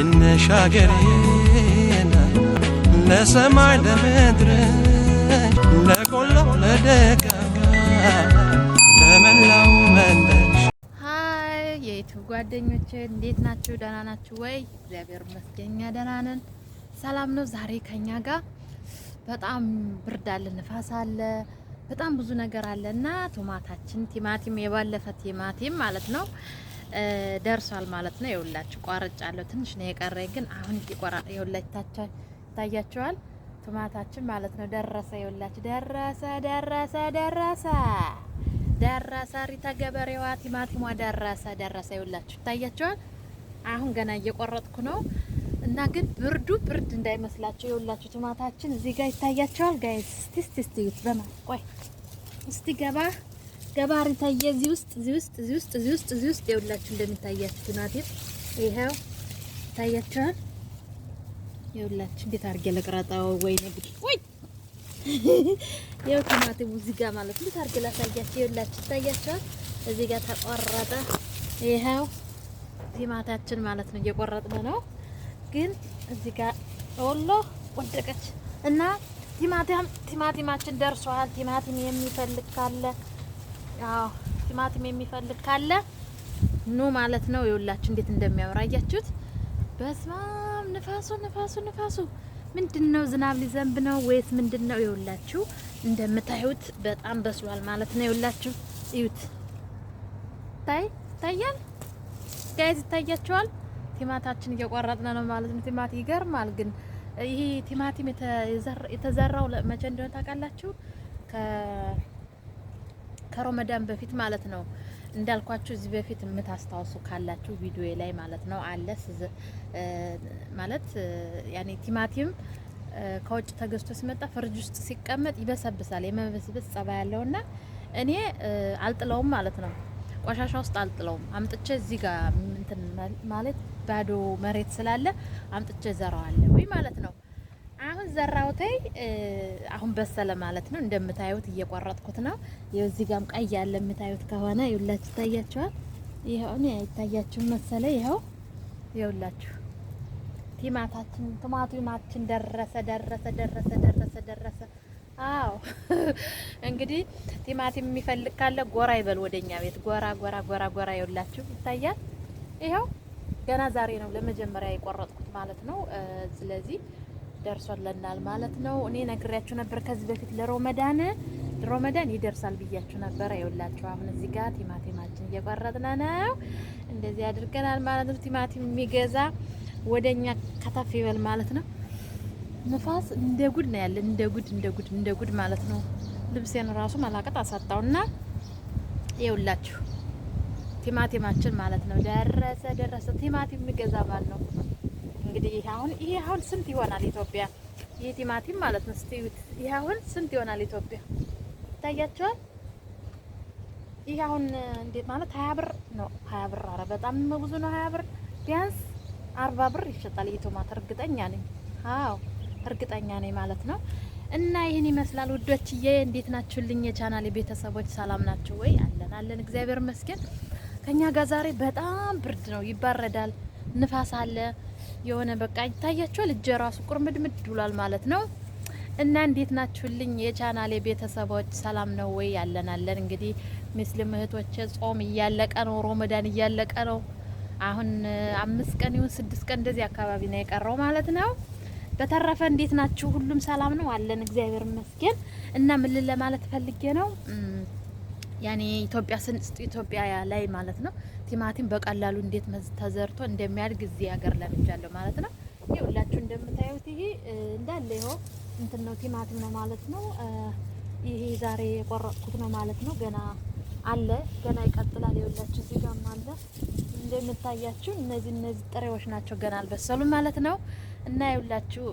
እንሻገር ለሰማይ ለምድር ለቆላው ለደጋ ለመላው መንደች ሀይ የዩቱብ ጓደኞቼ እንዴት ናችሁ? ደህና ናችሁ ወይ? እግዚአብሔር ይመስገን ደህና ነን፣ ሰላም ነው። ዛሬ ከኛ ጋር በጣም ብርድ አለ፣ ንፋስ አለ፣ በጣም ብዙ ነገር አለ እና ቶማታችን ቲማቲም የባለፈ ቲማቲም ማለት ነው ደርሷል ማለት ነው። የውላችሁ ቋርጫ አለው ትንሽ ነው የቀረኝ፣ ግን አሁን ይቆራ የውላችሁ ታያችኋል። ቱማታችን ማለት ነው ደረሰ። የውላችሁ ደረሰ ደረሰ ደረሰ ደረሰ ሪታ ገበሬዋ ቲማቲሟ ደረሰ ደረሰ። ይውላችሁ ታያችኋል። አሁን ገና እየቆረጥኩ ነው እና ግን ብርዱ ብርድ እንዳይመስላችሁ የውላችሁ ቱማታችን እዚህ ጋር ይታያችኋል። ጋይስ እስቲ እስቲ እስቲ በማ ቆይ እስቲ ገባ ገባር ታየ። እዚህ ውስጥ እዚህ ውስጥ እዚህ ውስጥ እዚህ ውስጥ እዚህ ውስጥ ይኸውላችሁ እንደምታያችሁ ቲማቲም ይኸው ይታያችኋል። ይኸውላችሁ እንዴት አድርጌ ለቅረጣው ወይ ነው ነግድ ወይ ይኸው ቲማቲም እዚህ ጋር ማለት እንዴት አድርጌ ላሳያችሁ። ይኸውላችሁ ይታያችኋል። እዚህ ጋር ተቆረጠ። ይኸው ቲማታችን ማለት ነው። እየቆረጥን ነው ግን እዚህ ጋር ወሎ ወደቀች እና ቲማቲም ቲማቲማችን ደርሷል። ቲማቲም የሚፈልግ ካለ አዎ ቲማቲም የሚፈልግ ካለ ኑ ማለት ነው። የሁላችሁ እንዴት እንደሚያምር አያችሁት? በስማም ንፋሱ ንፋሱ ንፋሱ ምንድን ነው? ዝናብ ሊዘንብ ነው ወይስ ምንድን ነው? የሁላችሁ እንደምታዩት በጣም በስሏል ማለት ነው። የሁላችሁ እዩት። ታይ ይታያል ጋይዝ ይታያችኋል። ቲማታችን እየቆረጥነ ነው ማለት ነው። ቲማት ይገርማል ግን ይሄ ቲማቲም የተዘራው መቼ እንደሆነ ታውቃላችሁ? ከሮመዳን በፊት ማለት ነው እንዳልኳችሁ እዚህ በፊት የምታስታውሱ ካላችሁ ቪዲዮ ላይ ማለት ነው አለ ማለት ያኔ ቲማቲም ከውጭ ተገዝቶ ሲመጣ ፍርጅ ውስጥ ሲቀመጥ ይበሰብሳል። የመበስበስ ጸባይ ያለውና እኔ አልጥለውም ማለት ነው ቆሻሻ ውስጥ አልጥለውም። አምጥቼ እዚህ ጋር እንትን ማለት ባዶ መሬት ስላለ አምጥቼ ዘራዋለሁ ማለት ነው። ዘራውቴ አሁን በሰለ ማለት ነው። እንደምታዩት እየቆረጥኩት ነው። የዚህ ጋም ቀይ ያለ የምታዩት ከሆነ ይውላችሁ ይታያችኋል። ይኸው ነው ይታያችሁ መሰለ። ይኸው ይውላችሁ ቲማታችን ቲማቲማችን ደረሰ ደረሰ ደረሰ ደረሰ ደረሰ። አዎ እንግዲህ ቲማቲም የሚፈልግ ካለ ጎራ ይበል ወደኛ ቤት ጎራ ጎራ ጎራ ጎራ። ይውላችሁ ይታያል። ይኸው ገና ዛሬ ነው ለመጀመሪያ የቆረጥኩት ማለት ነው። ስለዚህ ደርሶልናል ማለት ነው። እኔ ነግሬያችሁ ነበር ከዚህ በፊት ለሮመዳን ሮመዳን ይደርሳል ብያችሁ ነበረ። ይኸውላችሁ አሁን እዚህ ጋር ቲማቲማችን እየቆረጥን ነው። እንደዚህ አድርገናል ማለት ነው። ቲማቲም የሚገዛ ወደኛ ከተፍ ይበል ማለት ነው። ንፋስ እንደ ጉድ ነው ያለ፣ እንደ ጉድ እንደ ጉድ እንደ ጉድ ማለት ነው። ልብሴን ራሱ መላቀጥ አሳጣውና ይኸውላችሁ ቲማቲማችን ማለት ነው ደረሰ ደረሰ። ቲማቲም የሚገዛ ባል ነው እንግዲህ ይሄ አሁን ይሄ አሁን ስንት ይሆናል ኢትዮጵያ? ይሄ ቲማቲም ማለት ነው። እስቲ እዩት። ይሄ አሁን ስንት ይሆናል ኢትዮጵያ? ይታያቸዋል። ይሄ አሁን እንዴት ማለት ሀያ ብር ነው። ሀያ ብር አረ በጣም ብዙ ነው። ሀያ ብር ቢያንስ አርባ ብር ይሸጣል ይሄ ቶማት። እርግጠኛ ነኝ። አዎ እርግጠኛ ነኝ ማለት ነው። እና ይህን ይመስላል ውዶችዬ፣ እንዴት ናችሁልኝ? የቻናሌ ቤተሰቦች ሰላም ናችሁ ወይ? አለን አለን፣ እግዚአብሔር ይመስገን። ከኛ ጋር ዛሬ በጣም ብርድ ነው፣ ይባረዳል፣ ንፋስ አለ። የሆነ በቃ ይታያቸዋል። እጀ ራሱ ቁርምድምድ ብሏል ማለት ነው። እና እንዴት ናችሁልኝ የቻናሌ ቤተሰቦች ሰላም ነው ወይ? ያለን እንግዲህ ምስልም እህቶቼ ጾም እያለቀ ነው፣ ሮመዳን እያለቀ ነው። አሁን አምስት ቀን ይሁን ስድስት ቀን እንደዚህ አካባቢ ነው የቀረው ማለት ነው። በተረፈ እንዴት ናችሁ? ሁሉም ሰላም ነው አለን፣ እግዚአብሔር ይመስገን። እና ምን ለማለት ፈልጌ ነው ያኔ ኢትዮጵያ ስንስጥ ኢትዮጵያ ላይ ማለት ነው። ቲማቲም በቀላሉ እንዴት ተዘርቶ እንደሚያድግ እዚህ ሀገር ለምጃለሁ ማለት ነው። ይኸውላችሁ እንደምታዩት ይሄ እንዳለ ይኸው እንትን ነው ቲማቲም ነው ማለት ነው። ይሄ ዛሬ የቆረጥኩት ነው ማለት ነው። ገና አለ ገና ይቀጥላል። ይኸውላችሁ እዚህ ጋርም አለ እንደምታያችሁ። እነዚህ እነዚህ ጥሬዎች ናቸው ገና አልበሰሉም ማለት ነው። እና ይኸውላችሁ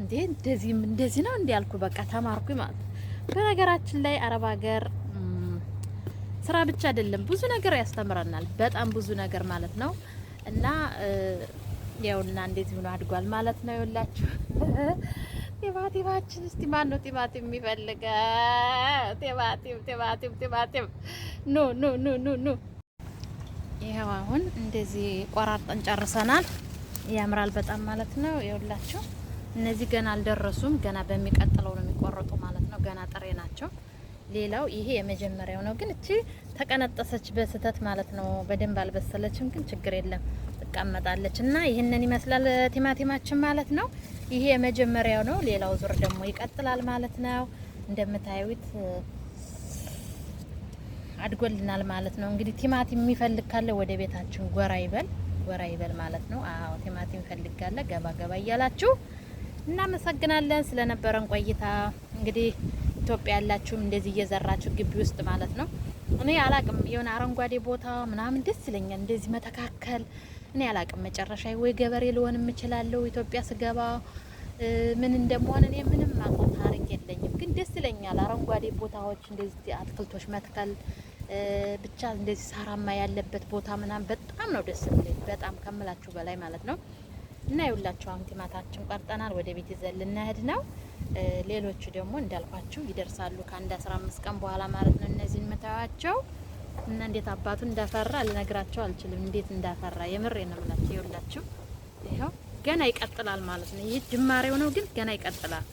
እንዴ እንደዚህም እንደዚህ ነው እንዲያልኩ በቃ ተማርኩኝ ማለት ነው። በነገራችን ላይ አረብ ሀገር ስራ ብቻ አይደለም፣ ብዙ ነገር ያስተምረናል። በጣም ብዙ ነገር ማለት ነው። እና ያውና እንዴት ብሎ አድጓል ማለት ነው። ይውላችሁ ቲማቲማችን እስቲ ማን ነው ቲማቲም የሚፈልገ? ቲማቲም ቲማቲም ቲማቲም ኑ ኑ ኑ ኑ ኑ። ይሄው አሁን እንደዚህ ቆራርጠን ጨርሰናል። ያምራል በጣም ማለት ነው። ይውላችሁ እነዚህ ገና አልደረሱም። ገና በሚቀጥለው ነው የሚቆረጡ ማለት ነው። ገና ጥሬ ናቸው። ሌላው ይሄ የመጀመሪያው ነው። ግን እቺ ተቀነጠሰች በስህተት ማለት ነው። በደንብ አልበሰለችም፣ ግን ችግር የለም ትቀመጣለች። እና ይህንን ይመስላል ቲማቲማችን ማለት ነው። ይሄ የመጀመሪያው ነው። ሌላው ዙር ደግሞ ይቀጥላል ማለት ነው። እንደምታዩት አድጎልናል ማለት ነው። እንግዲህ ቲማቲም የሚፈልግ ካለ ወደ ቤታችን ጎራ ይበል ጎራ ይበል ማለት ነው። አዎ ቲማቲም ይፈልግ ካለ ገባ ገባ እያላችሁ እናመሰግናለን ስለነበረን ቆይታ እንግዲህ ኢትዮጵያ ያላችሁም እንደዚህ እየዘራችሁ ግቢ ውስጥ ማለት ነው። እኔ አላቅም የሆነ አረንጓዴ ቦታ ምናምን ደስ ይለኛል። እንደዚህ መተካከል እኔ አላቅም። መጨረሻ ወይ ገበሬ ልሆን የምችላለሁ ኢትዮጵያ ስገባ ምን እንደመሆን እኔ ምንም አውቀው ታሪክ የለኝም፣ ግን ደስ ይለኛል። አረንጓዴ ቦታዎች እንደዚህ አትክልቶች መትከል ብቻ እንደዚህ ሳራማ ያለበት ቦታ ምናምን በጣም ነው ደስ የሚለኝ፣ በጣም ከምላችሁ በላይ ማለት ነው። እና ይውላችሁ አሁን ቲማታችን ቆርጠናል። ወደ ቤት ይዘን ልናሄድ ነው። ሌሎቹ ደግሞ እንዳልኳችሁ ይደርሳሉ ከአንድ አስራ አምስት ቀን በኋላ ማለት ነው። እነዚህን የምታዩዋቸው እና እንዴት አባቱ እንዳፈራ ልነግራቸው አልችልም። እንዴት እንዳፈራ የምር ነው የምላቸው። ይውላችሁ ይኸው ገና ይቀጥላል ማለት ነው። ይህ ጅማሬው ነው፣ ግን ገና ይቀጥላል፣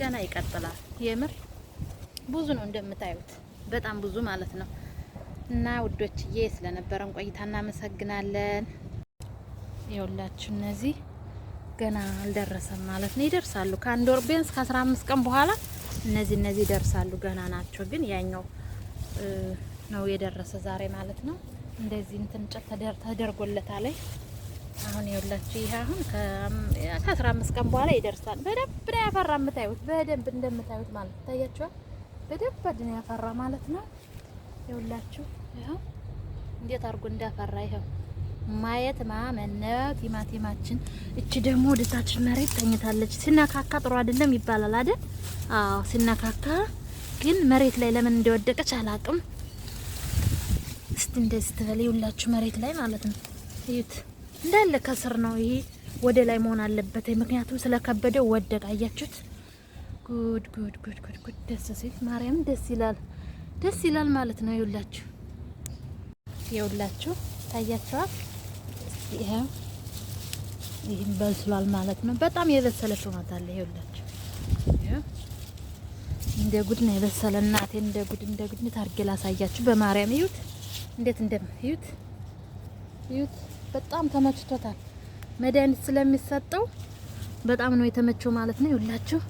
ገና ይቀጥላል። የምር ብዙ ነው እንደምታዩት፣ በጣም ብዙ ማለት ነው። እና ውዶችዬ ስለነበረን ቆይታ እናመሰግናለን። ይውላችሁ እነዚህ ገና አልደረሰም ማለት ነው። ይደርሳሉ ከአንድ ወር ቢያንስ ከአስራ አምስት ቀን በኋላ እነዚህ እነዚህ ይደርሳሉ። ገና ናቸው ግን ያኛው ነው የደረሰ ዛሬ ማለት ነው። እንደዚህ እንትን እንጨት ተደርጎለታል። አሁን ይኸውላችሁ ይሄ አሁን ከአስራ አምስት ቀን በኋላ ይደርሳል። በደንብ ነው ያፈራ የምታዩት፣ በደንብ እንደምታዩት ማለት ይታያችኋል። በደንብ ነው ያፈራ ማለት ነው። ይኸውላችሁ ይኸው እንዴት አድርጎ እንዳፈራ ይኸው ማየት ማመን ነው። ቲማቲማችን እቺ ደግሞ ወደታችን መሬት ተኝታለች። ሲነካካ ጥሩ አይደለም ይባላል አይደል? አዎ። ሲነካካ ግን መሬት ላይ ለምን እንደወደቀች አላቅም። እስቲ እንደዚህ ትበል ይውላችሁ፣ መሬት ላይ ማለት ነው። እዩት፣ እንዳለ ከስር ነው። ይሄ ወደ ላይ መሆን አለበት፣ ምክንያቱም ስለከበደው ወደቀ። አያችሁት? ጉድ ጉድ ጉድ ጉድ ጉድ! ደስ ሲል ማርያም፣ ደስ ይላል፣ ደስ ይላል ማለት ነው። ይውላችሁ፣ ይውላችሁ ታያችኋል። ይሄው ይህም በልስሏል ማለት ነው። በጣም የበሰለ ቶማት አለ። ይኸውላችሁ እንደ ጉድ ነው የበሰለ። እናቴ እንደ ጉድ እንደ ጉድ ታርጌ ላሳያችሁ። በማርያም እዩት፣ እንዴት እንደም እዩት፣ እዩት። በጣም ተመችቶታል። መድኃኒት ስለሚሰጠው በጣም ነው የተመቸው ማለት ነው። ይኸውላችሁ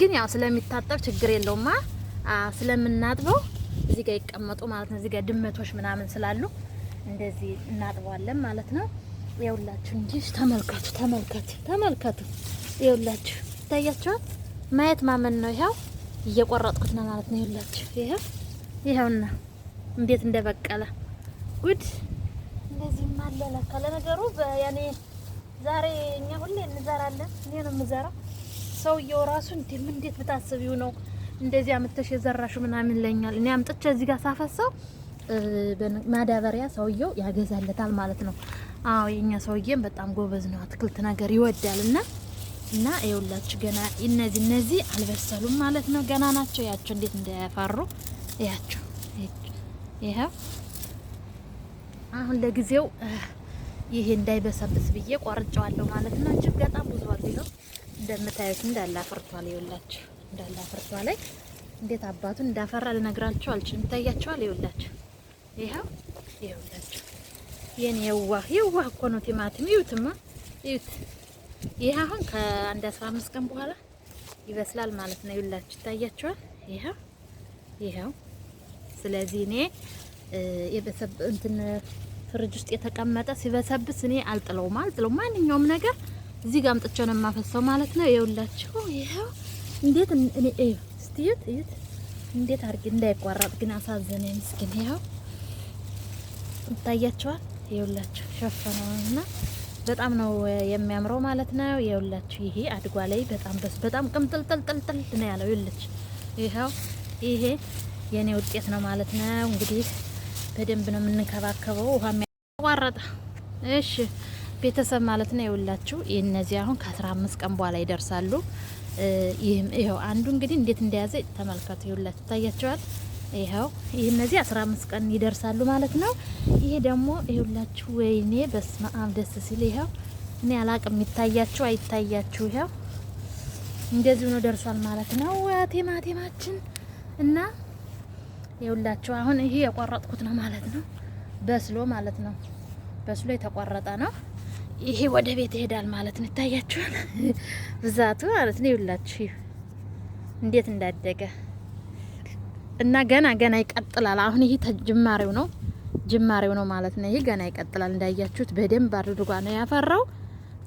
ግን ያው ስለሚታጠብ ችግር የለውማ ስለምናጥበው እዚህ ጋር ይቀመጡ ማለት ነው። እዚህ ጋር ድመቶች ምናምን ስላሉ እንደዚህ እናጥበዋለን ማለት ነው። የውላችሁ እንጂ ተመልከቱ፣ ተመልከቱ፣ ተመልከቱ። የውላችሁ ይታያችኋል። ማየት ማመን ነው። ይኸው እየቆረጥኩት ነው ማለት ነው። የውላችሁ ይኸው ይኸውና እንዴት እንደበቀለ ጉድ። እንደዚህ አለ ለካ። ለነገሩ ያኔ ዛሬ እኛ ሁሌ እንዘራለን። እኔ ነው የምዘራው። ሰውየው ራሱ እንዴት እንዴት ብታስቢው ነው እንደዚህ አምጥተሽ የዘራሹ ምናምን ይለኛል። እኔ አምጥቼ እዚህ ጋር ሳፈሰው ማዳበሪያ ሰውየው ያገዛለታል ማለት ነው። አዎ የኛ ሰውዬም በጣም ጎበዝ ነው፣ አትክልት ነገር ይወዳል እና እና ይኸውላችሁ ገና እነዚህ እነዚህ አልበሰሉም ማለት ነው። ገና ናቸው። ያቸው እንዴት እንደፈሩ ያቸው። ይኸው አሁን ለጊዜው ይሄ እንዳይበሰብስ ብዬ ቆርጬዋለሁ ማለት ነው። እጅግ በጣም ብዙ አለ። ነው እንደምታዩት፣ እንዳላፈርቷል። ይኸውላችሁ እንዳላፈርቷ ላይ እንዴት አባቱን እንዳፈራ ልነግራችሁ አልችልም። ይታያችኋል። ይኸውላችሁ ይኸው ይኸውላችሁ፣ የኔ የዋህ የዋህ እኮ ነው ቲማቲም። እዩትማ እዩት። ይህ አሁን ከአንድ አስራ አምስት ቀን በኋላ ይበስላል ማለት ነው። ይላችሁ ይታያችኋል። ይኸው ይኸው። ስለዚህ እኔ የበሰብ እንትን ፍርጅ ውስጥ የተቀመጠ ሲበሰብስ እኔ አልጥለውም አልጥለውም። ማንኛውም ነገር እዚህ ጋር አምጥቼ ነው የማፈሰው ማለት ነው። ይኸውላችሁ ይኸው እንዴት እኔ እዩት፣ እዩት እንዴት እንዳይቋረጥ ግን ምስኪን። ይኸው ይታያቸዋል። የሁላችሁ ሸፈነውና በጣም ነው የሚያምረው ማለት ነው። የሁላችሁ ይሄ አድጓ ላይ በጣም በስ በጣም ቅምጥልጥልጥልጥል ነው ያለው። ይልች ይኸው ይሄ የኔ ውጤት ነው ማለት ነው። እንግዲህ በደንብ ነው የምንከባከበው። ውሃ የሚያቋረጠ እሺ ቤተሰብ ማለት ነው። የውላችሁ እነዚህ አሁን ከአስራ አምስት ቀን በኋላ ይደርሳሉ። ይህም ይኸው አንዱ እንግዲህ እንዴት እንደያዘ ተመልከቱ። የሁላችሁ ይታያቸዋል። ይኸው ይህ እነዚህ አስራ አምስት ቀን ይደርሳሉ ማለት ነው። ይሄ ደግሞ ይሁላችሁ፣ ወይኔ በስመ አብ ደስ ሲል ይኸው እኔ አላቅም ይታያችሁ አይታያችሁ። ይኸው እንደዚህ ነው ደርሷል ማለት ነው። ቲማቲማችን እና ይሁላችሁ፣ አሁን ይሄ የቆረጥኩት ነው ማለት ነው። በስሎ ማለት ነው። በስሎ የተቆረጠ ነው። ይሄ ወደ ቤት ይሄዳል ማለት ነው። ይታያችኋል ብዛቱ ማለት ነው። ይሁላችሁ እንዴት እንዳደገ እና ገና ገና ይቀጥላል። አሁን ይሄ ጅማሬው ነው ጅማሬው ነው ማለት ነው። ይሄ ገና ይቀጥላል። እንዳያችሁት በደንብ አድርጓ ነው ያፈራው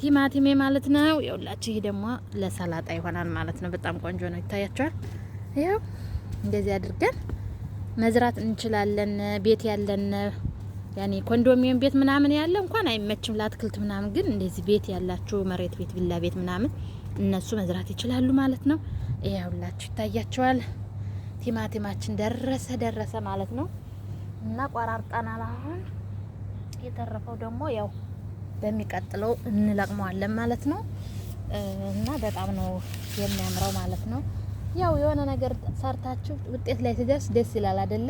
ቲማቲሜ ማለት ነው። ይኸውላችሁ ይሄ ደግሞ ለሰላጣ ይሆናል ማለት ነው። በጣም ቆንጆ ነው። ይታያችኋል። ይኸው እንደዚህ አድርገን መዝራት እንችላለን። ቤት ያለን ያኔ ኮንዶሚኒየም ቤት ምናምን ያለ እንኳን አይመችም ለአትክልት ምናምን፣ ግን እንደዚህ ቤት ያላችሁ መሬት ቤት፣ ቪላ ቤት ምናምን እነሱ መዝራት ይችላሉ ማለት ነው። ይኸውላችሁ ይታያችኋል። ቲማቲማችን ደረሰ ደረሰ ማለት ነው እና ቆራርጠናል። አሁን የተረፈው ደግሞ ያው በሚቀጥለው እንለቅመዋለን ማለት ነው እና በጣም ነው የሚያምረው ማለት ነው። ያው የሆነ ነገር ሰርታችሁ ውጤት ላይ ትደርስ ደስ ይላል አይደለ?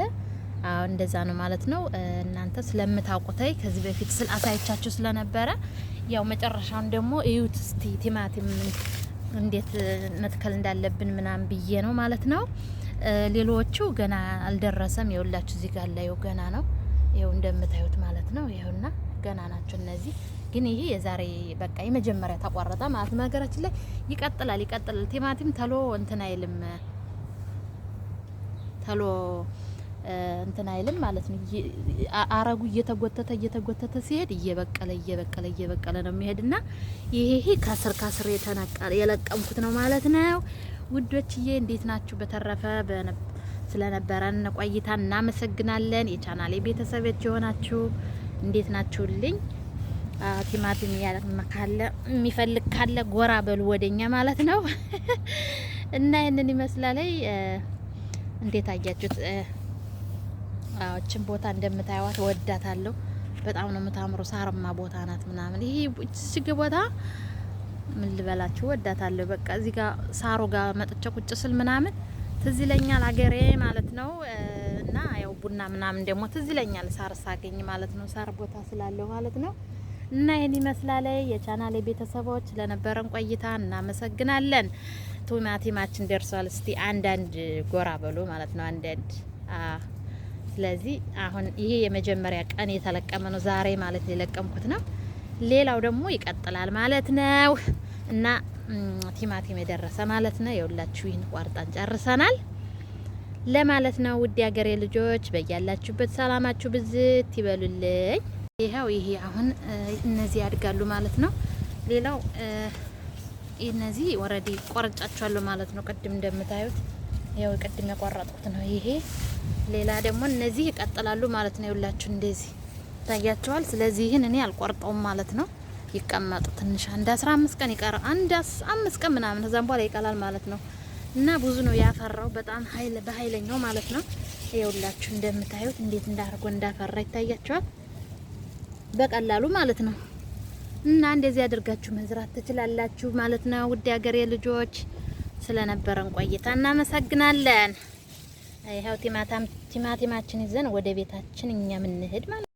አዎ እንደዛ ነው ማለት ነው። እናንተ ስለምታውቁታይ ከዚህ በፊት ስለ አሳይቻችሁ ስለነበረ ያው መጨረሻውን ደግሞ እዩት እስቲ ቲማቲም እንዴት መትከል እንዳለብን ምናምን ብዬ ነው ማለት ነው። ሌሎቹ ገና አልደረሰም። ይኸውላችሁ እዚህ ጋር ላይው ገና ነው። ይኸው እንደምታዩት ማለት ነው። ይኸውና ገና ናቸው እነዚህ። ግን ይሄ የዛሬ በቃ የመጀመሪያ ተቋረጠ ማለት ነው። ሀገራችን ላይ ይቀጥላል ይቀጥላል። ቲማቲም ተሎ እንትን አይልም ተሎ እንትን አይልም ማለት ነው። አረጉ እየተጎተተ እየተጎተተ ሲሄድ እየበቀለ እየበቀለ እየበቀለ ነው የሚሄድና ይሄ ከስር ከስር የተነቀለ የለቀምኩት ነው ማለት ነው። ውዶችዬ እንዴት ናችሁ? በተረፈ ስለነበረን ቆይታ እናመሰግናለን። የቻናሌ ቤተሰቦች የሆናችሁ እንዴት ናችሁልኝ? ቲማቲም ያካለ የሚፈልግ ካለ ጎራ በሉ ወደኛ ማለት ነው። እና ይህንን ይመስላለይ። እንዴት አያችሁት? እችን ቦታ እንደምታዩዋት ወዳታለሁ። በጣም ነው የምታምሩ። ሳርማ ቦታ ናት ምናምን ይሄ ቦታ ምን ልበላችሁ ወዳታለሁ። በቃ እዚህ ጋር ሳሮ ጋር መጥቼ ቁጭ ስል ምናምን ትዝ ይለኛል አገሬ ማለት ነው። እና ያው ቡና ምናምን ደግሞ ትዝ ይለኛል ሳር ሳገኝ ማለት ነው። ሳር ቦታ ስላለው ማለት ነው። እና ይህን ይመስላል የቻናሌ ቤተሰቦች ለነበረን ቆይታ እናመሰግናለን። ቲማቲማችን ደርሷል። እስቲ አንዳንድ ጎራ በሉ ማለት ነው። አንዳንድ ስለዚህ አሁን ይሄ የመጀመሪያ ቀን የተለቀመ ነው። ዛሬ ማለት የለቀምኩት ነው። ሌላው ደግሞ ይቀጥላል ማለት ነው እና ቲማቲም የደረሰ ማለት ነው። የሁላችሁ ይህን ቋርጣን ጨርሰናል ለማለት ነው። ውድ ያገሬ ልጆች በያላችሁበት ሰላማችሁ ብዝት ይበሉልኝ። ይኸው ይሄ አሁን እነዚህ ያድጋሉ ማለት ነው። ሌላው እነዚህ ወረዲ ቆርጫቸዋለሁ ማለት ነው። ቅድም እንደምታዩት ያው ቅድም የቆረጥኩት ነው ይሄ። ሌላ ደግሞ እነዚህ ይቀጥላሉ ማለት ነው። የሁላችሁ እንደዚህ ይታያቸዋል። ስለዚህ ይህን እኔ አልቆርጠውም ማለት ነው። ይቀመጡ ትንሽ አንድ አስራ አምስት ቀን ይቀራ አንድ አምስት ቀን ምናምን ከዛም በኋላ ይቀላል ማለት ነው። እና ብዙ ነው ያፈራው በጣም ኃይል በኃይለኛው ማለት ነው። ይኸውላችሁ እንደምታዩት እንዴት እንዳርጎ እንዳፈራ ይታያቸዋል በቀላሉ ማለት ነው። እና እንደዚህ አድርጋችሁ መዝራት ትችላላችሁ ማለት ነው። ውድ ሀገሬ ልጆች ስለነበረን ቆይታ እናመሰግናለን። ይኸው ቲማቲማችን ይዘን ወደ ቤታችን እኛ ምንሄድ ማለት